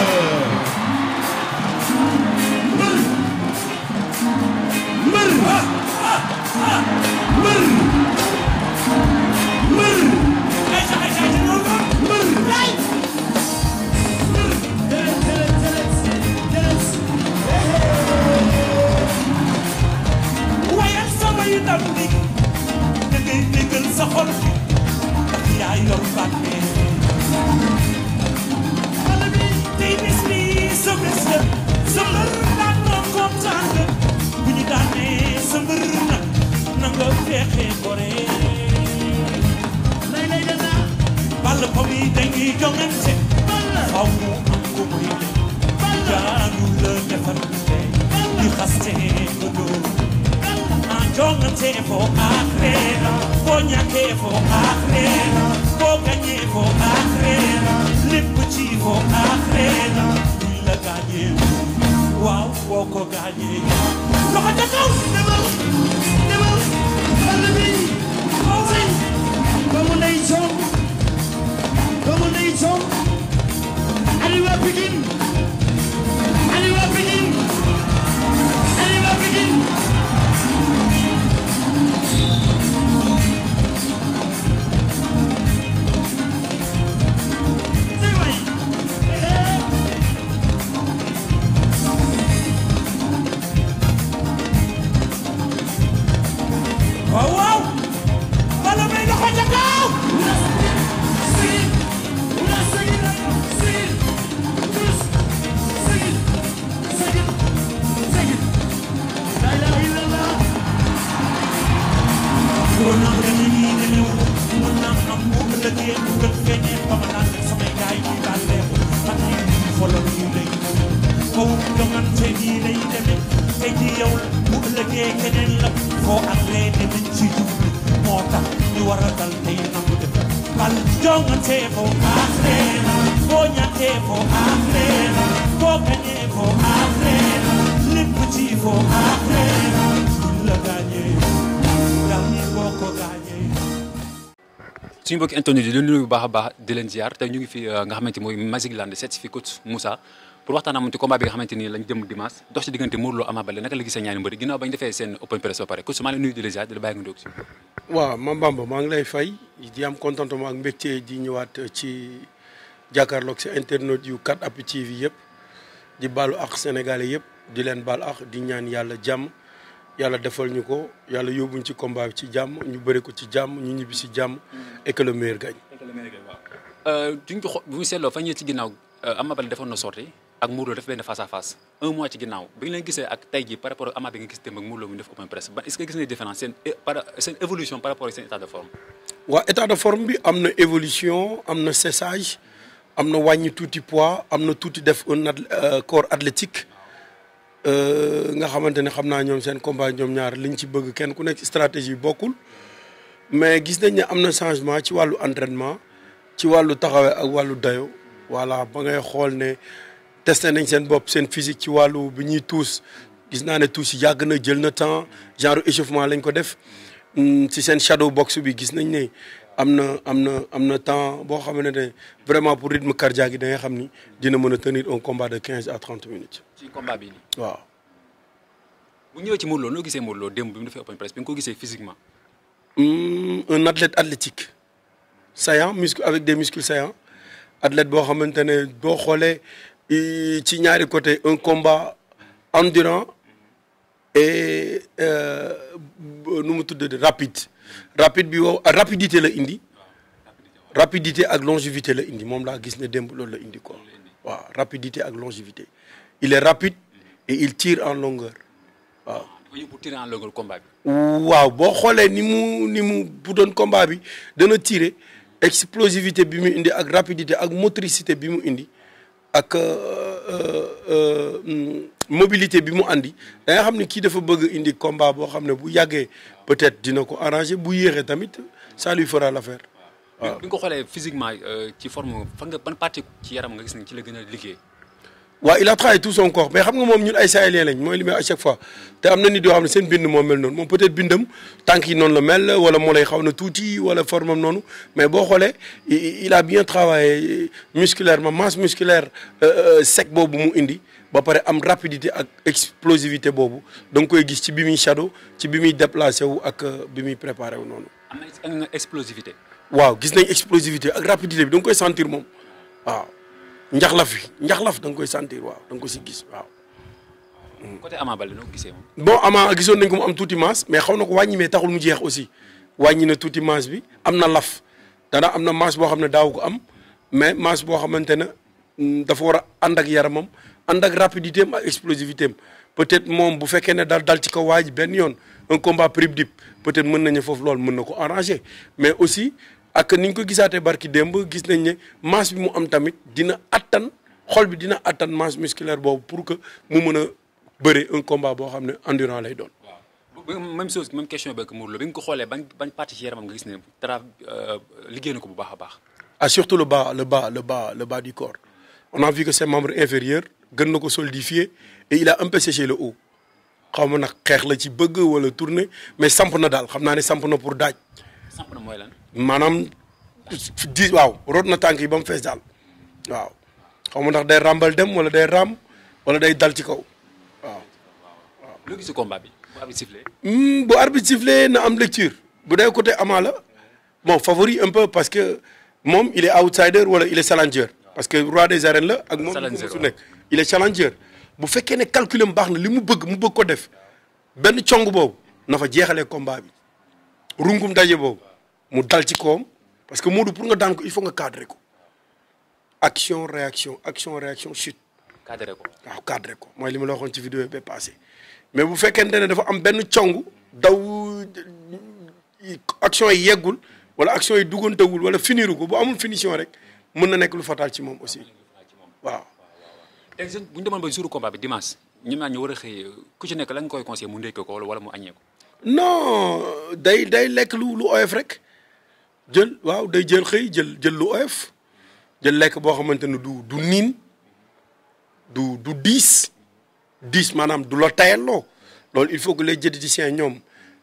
Bravo! gore lay lay da na ball ko mi dañuy jongante faw mu am ko muy jaanu la defante ñu xaste ko doo en jongante foo aaxree la boo ñàkkee foo aaxree la boo gañee foo aaxree la lépp ci foo aaxree la duñ la gaañee waaw boo ko gaañee loxo ca kaw demal demal Begin. suñu mbokki internet di nuyu bu baax a baax di leen ziar tey ñu fi euh, nga xamante mooy Magic Land seet si pour waxtaan amoon ci combat nga xamante ni lañ jëm dimanche dox ci diggante Modou Lo Ama Baldé naka la gisee ñaari mbëri ginnaaw bañ defee seen open press ba pare coach maa ngi nuyu di leen ziar di la bàyyi nga doog di leen baal di ñaan yàlla jàmm yàlla defal ñu ko yàlla yóbbuñ ci combat ci jàmm ñu bëri ko ci jàmm ñu ñibbi si jàmm et que le meilleur gagne. Euh, duñ ko xo bu ñu seetloo fan yii ci ginnaaw euh, Ama Baldé defoon na sorti ak Modou Lô def benn face à face un mois ci ginnaaw bi leen gisee ak tey jii par rapport ak Ama bi nga gis démb ak Modou Lô mu def open press ban est-ce évolution par rapport ak seen bi am na évolution am na séchage am na wàññi tuuti poids am na tuuti def un euh, corps athlétique. Euh, nga xamante ne xam naa ñoom seen combat ñoom ñaar liñ ci bëgg kenn ku nekk stratégie bokkul mais gis nañ ne am na changement ci wàllu entraînement ci wàllu taxawee ak wàllu dayo voilà ba ngay xool ne testé nañ seen bopp seen physique ci wàllu bi ñuy tuus gis naa ne tuus yàgg na jël na temps genre échauffement lañ ko def si hmm, seen shadow box bi gis nañ ne am na am na am na temps boo xamante ne vraiment pour rythme cardiaque yi da nga xam ni dina mën a tenir un combat de quinze à trente minutes. ci combat bi waaw. bu ñëwee ci Modou Lo noo gisee Modou Lo démb bi mu defee open press bi nga ko gisee physiquement. Hmm, un athlète athlétique saillant muscle avec des muscles saillants athlète boo xamante ne boo xoolee ci ñaari côté un combat endurant et euh, nu mu tudd rapide. rapide bi wow ah, rapidité la indi rapidité ak longévité la indi moom laa gis ne démb loolu la indi quoi waaw rapidité ak longévité il est rapide et il tire en longueur waaw. waaw boo xoolee ni mu ni mu bu doon combat bi dana tirer explosivité bi mu indi ak rapidité ak motricité bi mu indi euh, Euh, euh, mobilité bi mu andi da nga xam ne kii dafa bëgg indi combat boo xam ne bu yàggee peut-être dina ko arranger bu yéexee tamit ça lui fera l'affaire waaw bi nga ko physiquement euh, ci forme fan nga ban partie ci yaram nga gis ne ci la gën a liggéey. waa il a travaillé tout mais xam nga moom ñun ay sahéliens lañ mooy li may à chaque fois te am na nit yoo xam ne seen bind moo mel noonu moom peut-être bindam tànk yi noonu la mel wala moo lay xaw na tuuti wala formam noonu mais boo xoolee il a bien travaillé musculairement masse musculaire euh, euh, sec boobu mu indi ba pare am rapidité ak explosivité boobu dang koy gis ci bi muy shadow ci bi muy déplacé wu ak euh, bi muy préparé wu noonu. am na explosivité. waaw gis nañ explosivité ak rapidité bi da nga koy sentir moom waaw. njaxlaf yi njaxlaf da nga koy sentir waaw da nga si gis waaw. côté Ama Baldé noo gisee moom. bon Ama gisoon nañ ko mu am tuuti masse mais xaw na ko wàññi mais taxul mu jeex aussi wàññi na tuuti masse bi am na laf dana am na masse boo xam ne daaw ko am mais masse boo xamante ne mm, dafa war a ànd ak yaramam ànd ak rapidité am ak explosivité am peut-être moom bu fekkee ne daal dal ci kaw waa ji benn yoon un combat prib dip peut-être mën nañu foofu loolu mën na ko arranger mais aussi. ak ni ñu ko gisaatee barki démb gis nañ ne masse bi mu am tamit dina attan xol bi dina attan masse musculaire boobu pour que mu mën a bëre un combat boo xam ne endurant lay doon. waaw même chose même question beeg Modou Lo bi nga ko xoolee ba ban partie ci nga gis ne dara euh, liggéey na ko bu baax a baax. ah surtout le bas le bas le bas le bas du corps on a vu que ses membres inférieurs gën na ko solidifier et il a un peu séché le haut. xaw ma nag xeex la ci bëgg wala tourner mais samp na daal xam naa ne samp na pour daaj. samp na mooy lan. maanaam di waaw root na tànk yi ba mu fees waaw xaw ma ndax day ràmbal dem wala day raam wala day dal ci kaw waaw. waaw lu bi hmm, bu arbitre sifflé. na am lecture bu dee côté amaa la bon favori un peu parce que moom il est outsider wala il est challenger parce que roi des arènes la ak moom su nekk il est challenger bu fekkee ne calcul mu baax na li mu bëgg mu bëgg ko def benn cong boobu nafa fa jeexalee combat bi rungum daje boobu mu dal ci kawam parce que Modou pour nga daan ko il faut nga cadrer ko action réaction action réaction chute. cadrer ko waaw cadrer ko mooy li ma la waxoon ci vidéo bi passé mais bu fekkente ne dafa am benn cong daw action yi yeggul wala action yi duggantewul wala finiru ko bu amul finition rek mën na nekk lu fatal ci moom aussi waaw. léegi bu ñu demoon ba jour combat bi dimanche ñu naan ñu war a xëy ku ci nekk lan nga koy conseillé mu ndékkee ko wala mu aññee ko. day day lekk jël waaw day jël xëy jël jël lu oyof jël lekk boo xamante ne du du niin du du diis diis maanaam du la tayalloo loolu il faut que les diététiciens ñoom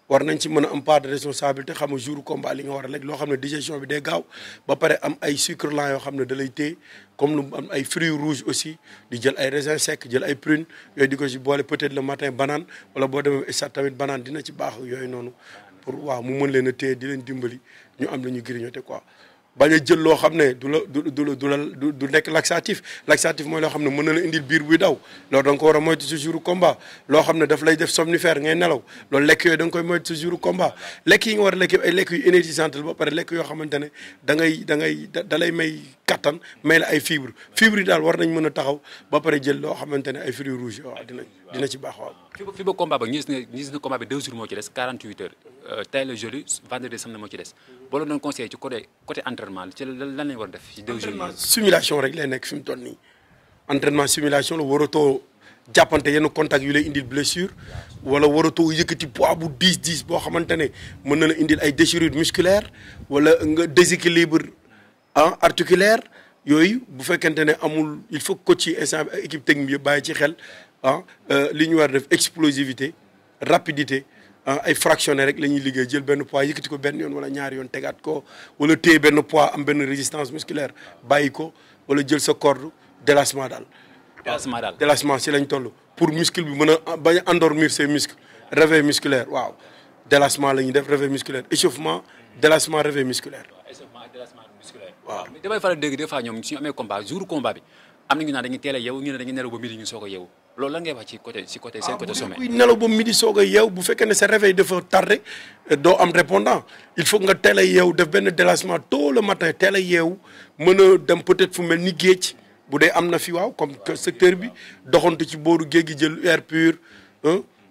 war nañ ci mën a am part de responsabilité xam nga jour combat li nga war a lekk loo xam ne digestion bi day gaaw ba pare am ay sucre lent yoo xam ne da lay téye comme lu am ay fruits rouges aussi di jël ay raisins secs jël ay prune yooyu di ko ci boole peut-être le matin banane wala boo demee stade tamit banane dina ci baax yooyu noonu pour waaw mu mën leen a téye di leen dimbali ñu am lu ñu grignoté quoi ba a jël loo xam ne du la du du du la du nekk laxatif laxatif mooy loo xam ne mën na la indil biir buy daw loolu da war a moytu sa jour combat xam ne daf lay def somnifère ngay nelaw loolu lekk yooyu da nga koy moytu komba jour combat lekk yi nga war a lekk ay lekk yu énergisante ba pare lekk yoo xamante ne da dangay dalay may kattan may ay fibre fibre daal war nañ mën a taxaw ba pare jël loo xamante ne ay fruits rouges dina ci baax waaw. fi ba fi ba combat ba ñu gis ne ñu gis ne combat bi 2 jours moo ci des 48 euh, moo ci des boo doon conseillé ci côté côté entraînement ci lan war a def. ci 2 jours yi simulation rek lay nekk fi mu toll nii entraînement simulation la waratoo jàppante yenn contact yu lay indil blessure wala waratoo yëkkati boo xamante ne mën na la indil ay déchirure musculaire wala nga déséquilibre ah articulaire yooyu bu fekkente ne amul il faut coach ci instant équipe technique bi bàyyi ci xel ah euh, li ñu war def explosivité rapidité ah, ay fractionné rek la ñuy liggéey jël benn poids yëkkati ko benn yoon wala ñaari yoon tegaat ko wala téye benn poids am benn résistance musculaire bàyyi ko wala jël sa corde délassement daal. délassement daal délassement si lañ toll. pour muscle bi mën a bañ a endormir ses muscles réveil musculaire waaw délassement la ñuy def réveil musculaire échauffement délassement réveil musculaire. waaw échauffement ak délassement musculaire. waaw mais damay faral dégg combat bi. am na ñu naan dañuy teel yeewu ñu ne dañuy nelaw ba midi ñu soog a yeewu loolu lan ngay wax ci côté ci côté seen ah, bu fekkee ne sa réveil dafa tardé doo am répondant il faut nga teel a yeew def benn délassement tôt le matin teel a yeew mën a dem peut-être fu mel ni géej bu dee am na fi waaw comme secteur bi doxantu ci booru géej gi jël air pur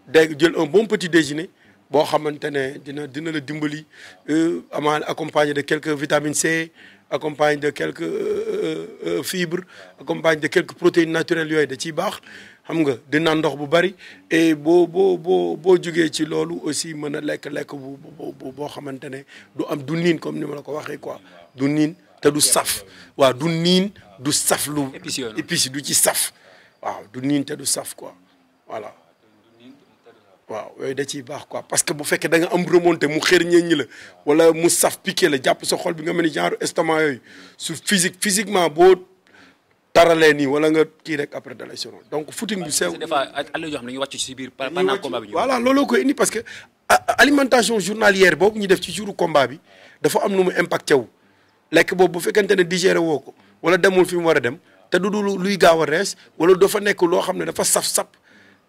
dégg jël un bon petit déjeuner boo xamante ne dina dina la dimbali euh, amaa accompagné de quelques vitamines C accompagne de quelque euh, euh, euh, fibres accompagne de quelques protéines naturelles yooyu da ciy baax xam nga di naan ndox bu bari e boo boo boo boo jógee ci loolu aussi mën a lekk lekk bu boo xamante ne du am du niin comme ni ma la ko waxee quoi du niin te du saf waaw du niin du saf lu épice du ci saf waaw du niin te du saf quoi voilà waaw da ciy baax quoi parce que bu fekkee da nga am remonté mu xër ñeñ ñi la wala mu saf piqué la jàpp sa xol bi nga mel ni genre estomac yooyu su physique physiquement boo taralee nii wala nga kii rek après da lay sonal donc footing bu sew des fois allo yoo wàcc ci biir pendant combat bi voilà looloo koy parce que alimentation journalière boobu ñu def ci jouru combat bi dafa am nu mu impacté wu lekk boobu bu fekkente ne digéré woo ko wala demul fi mu war a dem te du dul luy gaaw a rees wala dafa nekk loo xam ne dafa saf-sap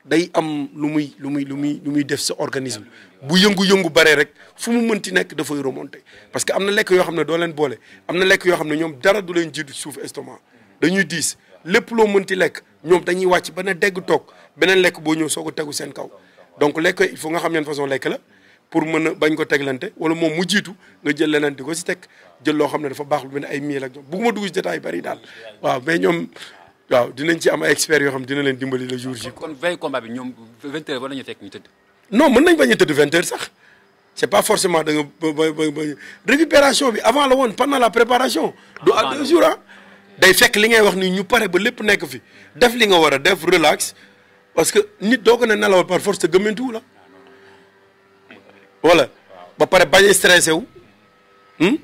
day am lu muy lu muy lu muy lu muy def sa organisme bu yëngu-yëngu bare rek fu mu mënti nekk dafa remonter parce que am na lekk yoo xam ne doo leen boole am na lekk yoo xam ne ñoom dara du leen suuf estomac dañuy diis lépp loo mënti lekk ñoom dañuy wàcc ba na dégg toog beneen lekk boo ñëw soo ko tegu seen kaw donc lekk il faut nga xam yan façon lekk la pour mën a bañ ko teglante wala moom mu jiitu nga jël leneen di ko si teg jël loo xam ne dafa baax lu mel ne ay miel ak ñoom bugguma dugg si détail bari daal waaw mais ñoom waaw dinañ ci am ay experts yoo xam dina leen dimbali le jour ji. kon veille bi ñoom 20 heures war nañu fekk ñu tëdd. non mën nañ bañ a tëdd 20 heures sax pas forcément da nga ba ba récupération bi avant la woon pendant la préparation. du a deux jours ah. day fekk li ngay wax ni ñu pare ba lépp nekk fi def li nga war a def relax parce que nit doo ko ne nelawal par force te gëmmantuwu la voilà ba pare bañ a stressé wu hmm?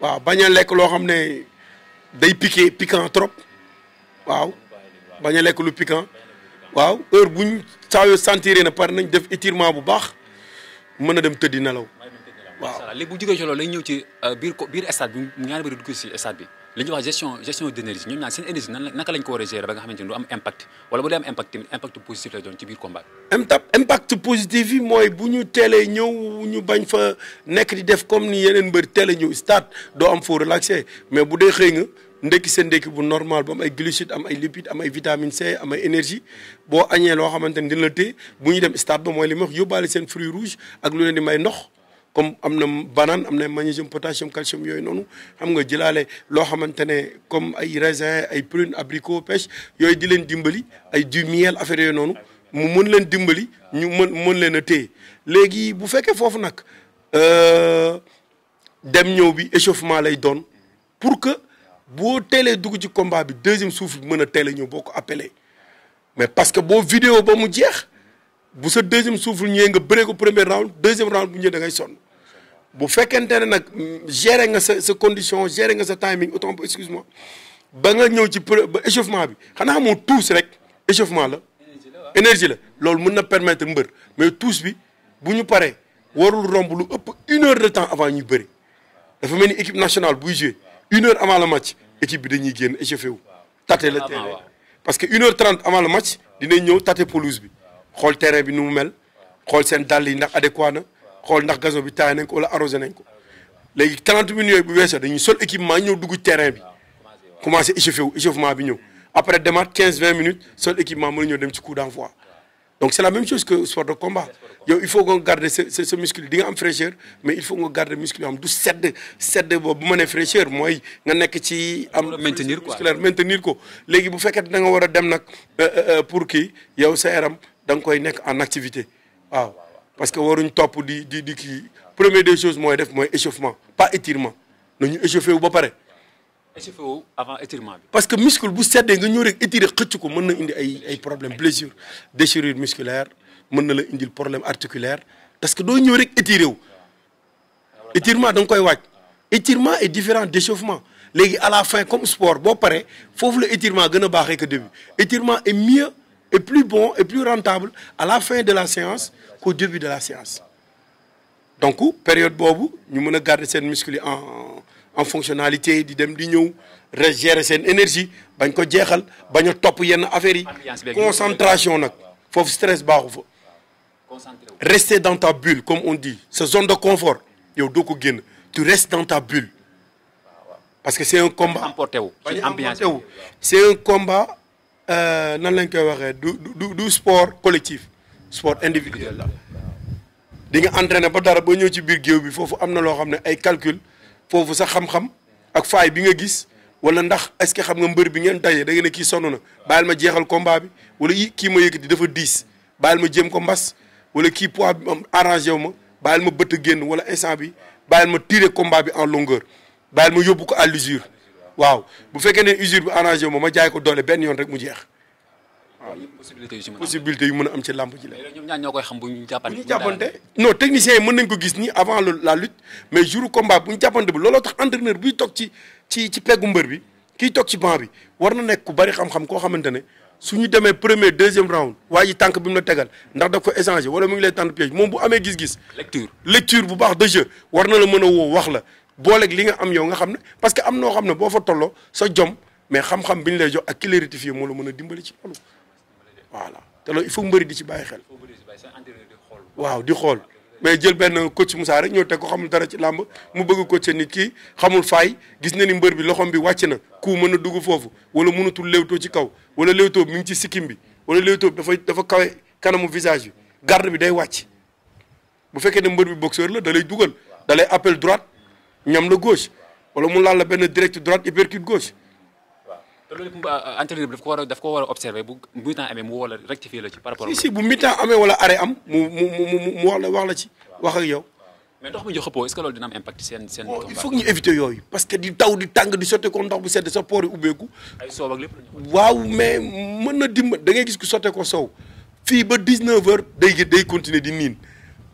waaw bañ a lekk loo xam ne day piqué piquant trop. waaw bañ a lekk lu piquant waaw heure bu saa yoo sentir na pare nañ def étirement bu baax mën a dem tëddi nelaw waaw léegi bu jógee ci loolu ñëw ci euh, biir biir stade bi ñaari bëri dugg bi li ñuy wax gestion gestion d'énergie ñoom seen énergie naka lañ ko war a gérer ba nga xamante ni du am impact wala bu dee am impact tamit impact positif lay ci biir combat impact positif yi mooy bu ñu teelee ñëw ñu bañ fa nekk di def comme ni yeneen mbër teelee ñëw stade doo am foo relaxé mais bu dee xëy nga ndekki seen ndekki bu normal bu am ay glucides am ay lipides am ay vitamine C am ay énergie boo añee loo xamante ni dina la téye bu ñu dem stade ba mooy li ma wax yóbbaale seen fruits rouges ak lu leen di may ndox comme am na banaan am na magnésium potassium calcium yooyu noonu am nga jëlaale loo xamante ne comme ay raisin ay prune abrico pêche yooyu di leen dimbali ay du miel affaire yooyu noonu mu mën leen dimbali ñu mën mën leen a téye léegi bu fekkee foofu nag euh, dem ñëw bi échauffement lay doon boo teelee dugg ci combat bi deuxième souffle bi mën a teel a ñëw boo ko appelé mais parce que boo vidéo ba mu jeex bu sa deuxième souffle ñëwee nga bëree ko premier round deuxième round bu ñëwee da ngay sonn bu fekkente ne nag gérer nga sa sa condition gere nga sa timing autant excuse moi ba nga ñëw ci ba échauffement bi xanaa moo tuus rek échauffement la énergie la loolu mën na permettre mbër mais tous bi bu ñu paree warul romb lu ëpp une heure de temps avant ñu bëri dafa mel ni équipe nationale buy jouer une heure avant le match équipe bi dañuy génn échauffé wu. tate la terrain parce que une heure trente avant le match dinañ ñëw tate pelouse bi xool terrain bi nu mu mel xool seen dàll yi ndax adéquat na xool ndax gazon bi taay nañ ko wala arrosé nañ ko léegi trente minutes yooyu bu weesoo dañuy sol équipement ñëw dugg terrain bi commencé échauffé wu échauffement bi ñëw après demaat quinze vingt minutes sol équipement mën na ñëw dem ci coup fois donc c' est la même chose que sport de combat yow il faut nga garder sa sa sa di nga am fraîcheur mais il faut nga garder muscle yoo du sedd sedd boobu bu ma nee mooy nga nekk ci. am maintenir quoi musculaire maintenir ko. léegi bu fekkee da nga war a dem nag euh, euh, euh, pour kii yow sa yaram da koy nekk en activité waaw parce que waruñ topp di di di kii première des choses mooy def mooy échauffement pas étirement ñu échauffé wu ba pare. échauffé wu avant parce que muscle bu seddee nga ñëw rek étiré ko mën na indi ay ay problème blessure déchirure musculaire mën na la indil problème articulaire parce que doo ñëw rek étiré wu. étirement da nga koy waaj étirement est différent d'échauffement léegi à la fin comme sport boo paree foofu la étirement gën a baaxee que début étirement est mieux et plus bon et plus rentable à la fin de la séance qu'au début de la séance donc période boobu ñu mën a garder seen muscle en. en fonctionnalité di dem di ñëw gérer seen énergie bañ ko jeexal bañ a topp yenn affaires yi concentration nag foofu stress baaxu fa rester dans ta bulle comme on di sa zone de confort yow doo ko génn tu restes dans ta bulle parce que c'est un combat bañ emporté wu c'est un combat euh, nan lañ koy waxee du du du sport collectif sport individuel la di nga entraîné ba dara ba ñëw ci biir géew bi foofu am na loo xam ne ay calcul foofu sax xam-xam ak faay bi nga gis wala ndax est-ce que xam nga mbër bi ngeen daje da ngeen ne kii sonn na bàyyil ma jeexal combat bi wala i kii ma yëkkati dafa diis bàyyil ma jéem ko mbas wala kii poids bi am arrangé wu ma bàyyil ma bëtt génn wala instant bi bàyyil ma tiré combat bi en longeur bàyyil ma yóbbu ko à l'usure waaw bu fekkee ne usure bi arrangé wu ma ma jaay ko doole benn yoon rek mu jeex possibilité yu mën am ci làmb ji la. ñoom ñaar ñoo koy xam bu ñu jàppante non technicien yi mën nañ ko gis ni avant la lutte mais jour combat bu ñu jàppante bi looloo tax entraîneur buy toog ci ci ci peggu mbër bi kii toog ci banc bi war na nekk ku bari xam-xam koo xamante ne su ñu demee premier deuxième round waa ji tànk bi mu la tegal ndax daf ko échanger wala mu ngi lay tànn piège moom bu amee gis-gis. lecture lecture bu baax de jeu war na la mën a woo wax la booleeg li nga am yow nga xam ne parce que am noo xam ne boo fa tolloo sa jom mais xam-xam ñu lay jox ak ki lay rectifier moo la mën a dimbali ci voilà te loolu il faut mbëri di ci bàyyi xel. waaw di xool mais jël benn coach Moussa rek ñoo teg ko xamul dara ci làmb mu bëgg coach ni kii xamul faay gis na ni mbër bi loxom bi wàcc na ku mën a dugg foofu wala mënatul léewtoo ci kaw wala léewtoo bi mi ngi ci sikkim bi wala léewtoo toog dafa dafa kawe kanamu visage bi garde bi day wàcc bu fekkee ne mbër bi boxeur la da lay dugal da lay appel droite ñam la gauche wala mu laal la benn direct droite uppercut gauche. te loolu euh, entraîneur bi daf ko war a daf ko war a observer bu mi-temps amee mu woo la rectifier la ci par rapport si si mi-temps amee wala arrêt am mu mu wax la wax la ci wax yow mais ndox mi ñu xëppoo est dina am seen seen il faut éviter yooyu parce que di taw di tàng di sotte ko ndox bu sedd sa poor yi ubbeeku ay soow lépp waaw mais mën na dimba da ngay gis ku sotte ko soow fii ba 19 heures day day continuer di niin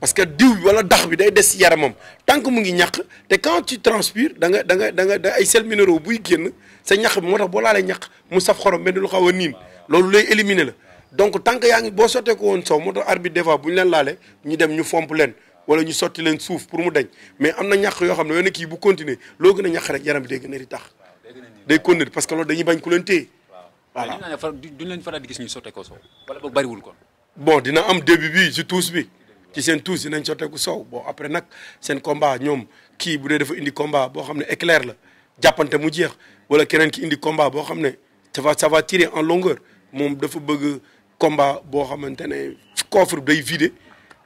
parce que diw bi wala dax bi day des yaramam tant que mu ngi ñaq te quand tu transpires da nga da nga da nga da ay sels minéraux buy génn sa ñaq bi moo tax boo laalee ñaq mu saf xorom benn lu xaw a niin loolu lay la donc tant que yaa boo sottee ko woon sow moo tax arbitre des fois bu ñu leen laalee ñu leen wala ñu mu dañ mais am na ñaq yoo xam ne yow ne kii bu continuer loo a ñaq rek yaram bi day gën a di tax day continuer parce que loolu dañuy bañ ku leen téye voilà duñ leen di gis ñu sottee ko sow wala boog bariwul kon dina am début bi si bi ci seen tuus yi nañ sotteeku soow boo après nag seen combat ñoom kii bu dee dafa indi combat boo xam ne éclair la jàppante mu jeex wala keneen ki indi combat boo xam ne ça va ça en longueur moom dafa bëgg combat boo xamante ne coffre day vidé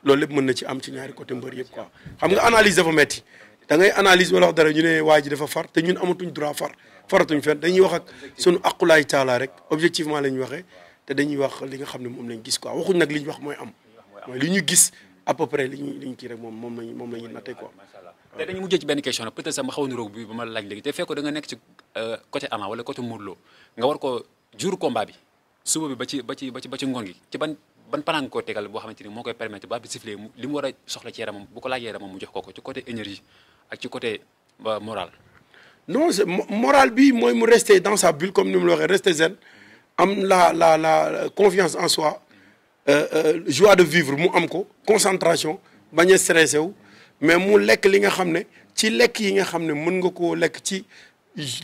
loolu lépp mën na ci am ci ñaari côté mbër yëpp quoi xam nga analyse dafa metti da ngay analyse wala dara ñu ne waa ji dafa far te ñun amatuñ droit far faratuñ fenn dañuy wax ak sunu aqulaay taalaa rek objectivement la ñu waxee te dañuy wax li nga xam ne moom lañ gis quoi waxuñ nag li ñu wax mooy am ñu gis à peu près li ñuy li kii rek moom moom lañu moom la ñuy nattee quoi. te dañu mujjee ci benn question nag peut xaw na roog bi ba ma laaj léegi te fekk da nekk ci euh, côté Ama wala côté Modou Lo nga war ko jur combat bi suba bi ba ci ba ba ci ngoon gi ci ban ban panang koo tegal boo xamante ni moo koy permettre ba bi sifflé li mu a soxla ci yaramam bu ko laaj yaramam mu jox ko ko ci côté énergie ak ci côté euh, moral. non c'est moral bi mooy mu rester dans sa bulle comme ni mu la waxee rester zen am la la la confiance en soi. Euh, euh, joie de vivre mu am ko concentration bañ a stressé wu mais mu lekk li nga xam ne ci lekk yi nga xam ne mën nga koo lekk ci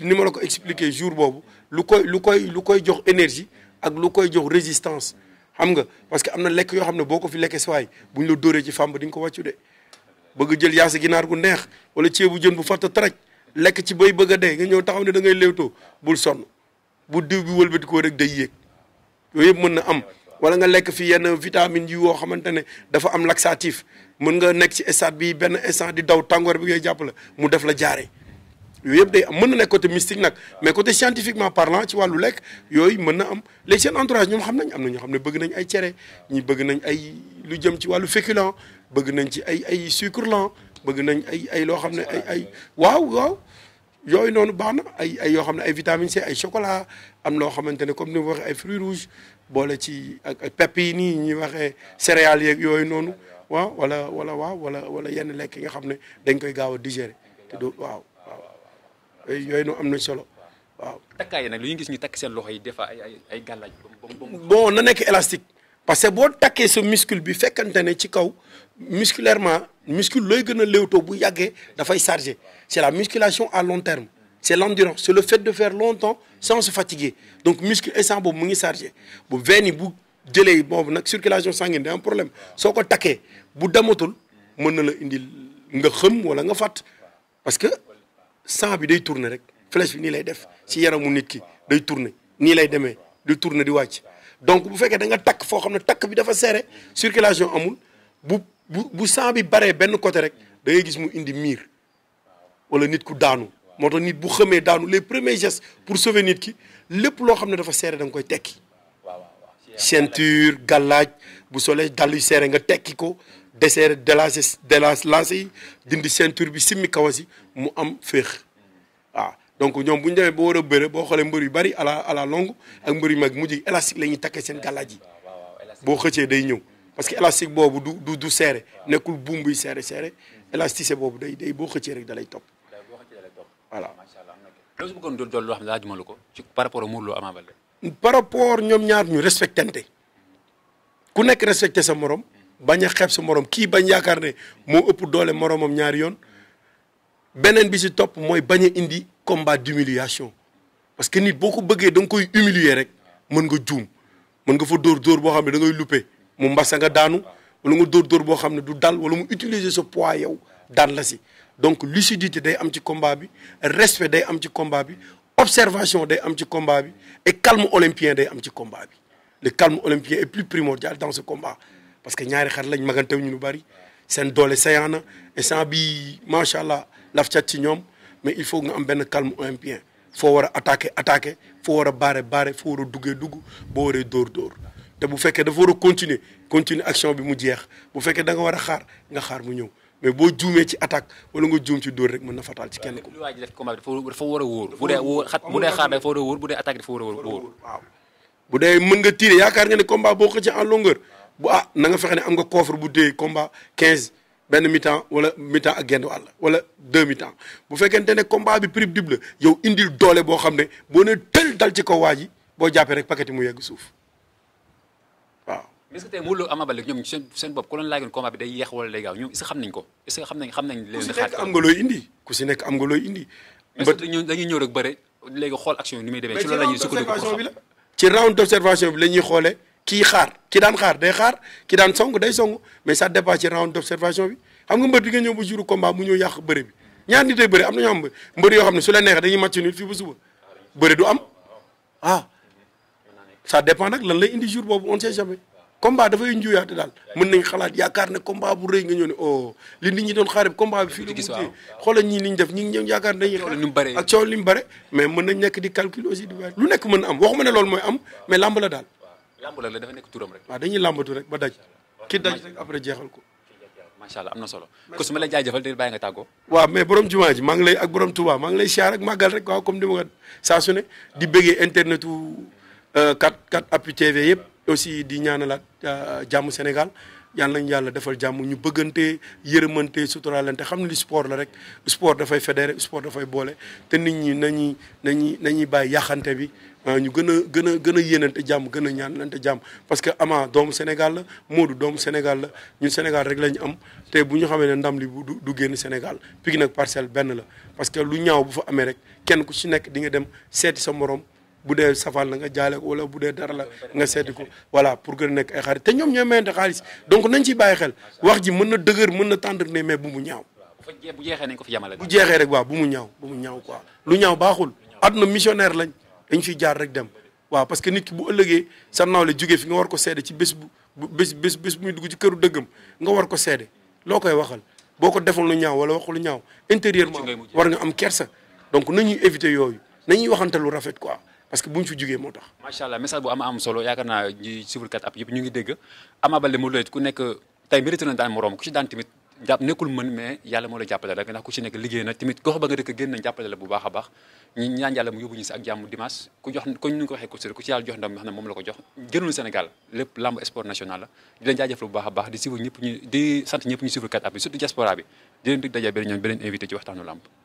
ni ma la ko expliqué jour boobu lu koy lu koy lu koy jox énergie ak lu koy jox résistance xam nga parce que am na lekk yoo xam ne boo ko fi lekkee sawaay bu ñu la dóoree ci fàmb di nga ko wàccu de bëgg jël yaasa ginaar gu neex wala ceebu jën bu fàtta taraj lekk ci bay bëgg a dee nga ñëw taxaw ne da ngay léewtoo bul sonn bu diw bi wëlbati rek day yëpp mën na am wala nga lekk fi yenn vitamines yi yoo xamante ne dafa am laxatif mën nga nekk ci stade bi benn instant di daw tàngoor bi ngay jàpp la mu def la jaare yooyu yëpp am mën na nekk côté mystique nag mais côté scientifiquement parlant ci wàllu lekk yooyu mën na am léegi seen entourage ñoom xam nañ am na xam ne bëgg nañ ay cere ñi bëgg nañ ay lu jëm ci wàllu féculent bëgg nañ ci ay ay sucre lent bëgg nañ ay ay loo xam ne ay ay waaw waaw yooyu noonu baax na ay ay yoo xam ne ay vitamine C ay chocolat am loo xamante ne comme ni mu waxee ay fruits rouges boole ci ak pepp yi nii ñuy waxee céréales yeeg yooyu noonu waaw wala wala waaw wala wala yenn lekk yi nga xam ne dañ koy gaaw a digérer te du waaw waaw yooyu noonu am na solo waaw. takkaay nag lu ñu gis ñu takk seen loxo yi des fois ay ay ay gàllaaj bon na nekk élastique. parce que boo takkee sa muscle bi fekkante ne ci kaw musculairement muscle looy gën a léewtoo bu yàggee dafay chargé c'est la musculation à long terme c'est l'endurance c'est le fait de faire longtemps sans se fatiguer donc muscle instant boobu mu ngi chargé bu veine yi bu jëlee boobu nag circulation sanguine day am problème soo ko takkee bu damatul mën na la indil nga xëm wala nga fàtt parce que sang bi day tourner rek flèche bi nii lay def si yaramu nit ki day tourner nii lay demee day tourner di wàcc donc bu fekkee danga takk foo xam ne takk bi dafa serré circulation amul bu bu bu sang bi baree benn côté rek da ngay gis mu indi miir wala nit ku daanu moo tax nit bu xamee daanu les premiers gestes pour sauver nit ki lépp loo xam ne dafa serré da nga koy tekki ceinture gàllaaj bu solee dàll yu serré nga tekki ko desserré délancé délancé lancé yi dindi ceinture bi simmi kawas yi mu am féex donc ñoom bu ñu demee ba war a bëre boo xoolee mbër yu bari a la à la ak mbër yu mag mujj gi élastique la ñuy takkee seen gàllaaj yi boo xëccee day ñëw parce que élastique boobu du du du serré nekkul buum buy serré serré élasticité boobu day day boo xëccee rek da lay topp voilà. loolu su bëggoon doon doon loo xam ne ko ci par rapport ak Modou Lô Ama Baldé ñoom ñaar ñu respectante ku nekk respecté sa moroom bañ a xeeb sa morom kii bañ yaakaar ne moo ëpp doole moromam ñaari yoon beneen bi si topp mooy bañ indi combat d'humiliation parce que nit boo ko bëggee da nga koy humilier rek mën nga juum mën nga fa dóor dóor boo xam ne da ngay luppe mu mbasa nga daanu wala nga dóor dóor boo xam ne du dal wala mu utiliser sa pois yow daan la si donc si lucidité day am ci combat bi respect day am ci combat bi observation day am ci combat bi et calme olympien day am ci combat bi le calme olympien est plus primordial dans ce combat parce que ñaari xar lañ magantew ñu lu bari seen doole sayaana instant bi macha allah laf cat ci ñoom mais il faut nga am benn calme olympien foo war a attaqué attaqué foo war a baare baare foo war a duggee dugg boo waree dóor dóor te bu fekkee dafa war a continuer continuer action bi mu jeex bu fekkee da nga war a xaar nga xaar mu ñëw mais boo juumee ci attaque wala nga juum ci dóor rek mën na fatal ci kenn ko. lu waaj def combat bi dafa a wóor. bu dee wóor xat bu dee mën nga tirer yaakaar nga ne combat boo ko ci en longueur bu ah na nga fexe ne am nga coffre bu dee combat 15. benn mi-temps wala mi-temps ak genn wàll wala deux mi-temps bu fekkente ne combat bi prix dib la yow indil doole boo xam ne boo ne tël dal ci kaw waa ji boo jàppee rek paquet yi mu yegg suuf waaw. est-ce que tey Modou Lô Ama Baldé ñoom seen bopp ku leen laajoon combat bi wala day gaaw ñoom est-ce ko est-ce que xam nañ xam nañ. ku si nekk am nga looy indi ku si nekk am nga xool action yi ni muy demee. ci loolu la ñuy sukkandiku ci round d'observation bi la ñuy xoolee kii xaar ki daan xaar day xaar ki daan song day song mais ça dépend round d' observation bi xam nga mbër di nga ñëw ba jour combat mu ñëw yàq bëre bi ñaar nit day bëre am na ñoo xam yoo xam ne su la neexee dañuy match nul am ah ça dépend nag lan lay indi jour boobu on sait jamais combat dafay njuyaate daal mën nañ bi oh, combat bi fii la mujjee xoolal ñii li ñu def ñi ngi bare mais mën nañ nekk di calcul lu nekk mën am waxuma ne loolu mooy am mais làmb la daal lamb la dafa nekk turam rek. waaw dañuy lambatu rek ba daj. ki daj rek après jeexal ko. macha allah am na solo ko la jaajëfal di bàyyi nga tàggoo. waaw mais borom jumaa ji maa ngi lay ak borom Touba maa ngi lay ak màggal rek waaw comme ni ma ko ne di bëggee internetu 4 appuis TV yëpp aussi di ñaanalaat euh, jàmm Sénégal yàlla nañu yàlla defal jàmm ñu bëggante yërëmante suturaalante xam ne li sport la rek sport dafay fédéré sport dafay boole te nit ñi nañuy nañuy nañuy bàyyi yàqante bi Euh, ñu gën a gën a gën a yéenante jàmm gën a ñaanante jàmm parce que Ama doomu Sénégal la Modou doomu Sénégal la ñu Sénégal rek la ñu am te bu ñu xamee ne ndam li du du génn Sénégal Pikine nag parcelle benn la parce que lu ñaaw bu fa amee rek kenn ku si nekk di nga dem seet sa morom bu dee safal la nga jaale ko wala bu dee dara la nga seeti ko voilà pour gën nekk ay xarit te ñoom ñooy mayante xaalis donc nañ ciy bàyyi xel wax ji mën na dëgër mën na tendre ne mais bu mu ñaaw. bu jeexee nañ ko fi yamale bu jeexee rek waaw bu mu ñaaw mu ñaaw quoi lu ñaaw baaxul àdduna missionnaire lañ dañ ci jaar rek dem waaw parce que nit ki bu ëllëgee sa nawle jógee fi nga war ko seede ci bés bu bés bés bu muy dugg ci këru dëggam nga war ko seede loo koy waxal boo ko deful lu ñaaw wala waxul lu ñaaw intérieurement war nga am kersa donc nañuy éviter yooyu nañuy waxante lu rafet ko parce que bu ñu fi jugee moo tax. macha allah message bu ama am solo yaakaar naa ñi suivre kat ab yëpp ñu ngi dégg Ama Baldé Modou Lô ku nekk tey mérité na daan moroom ku ci daan tamit jàpp nekkul mën mais yàlla moo la jàppale rek ndax ku ci nekk liggéey na tamit gox ba nga dëkk génn na jàppale la bu baax a baax ñu ñaan yàlla mu yóbbu ñu si ak jàmm dimanche ku jox ku ko waxee couture ku ci yàlla jox ndam xam ne moom la ko jox génnul Sénégal lépp lamb sport national la di leen jaajëfal bu baax a baax di suivre ñëpp ñu di sant ñëpp ñu suivre 4appuis surtout diaspora bi di leen dig daje ñoom beneen invité ci waxtaanu lamb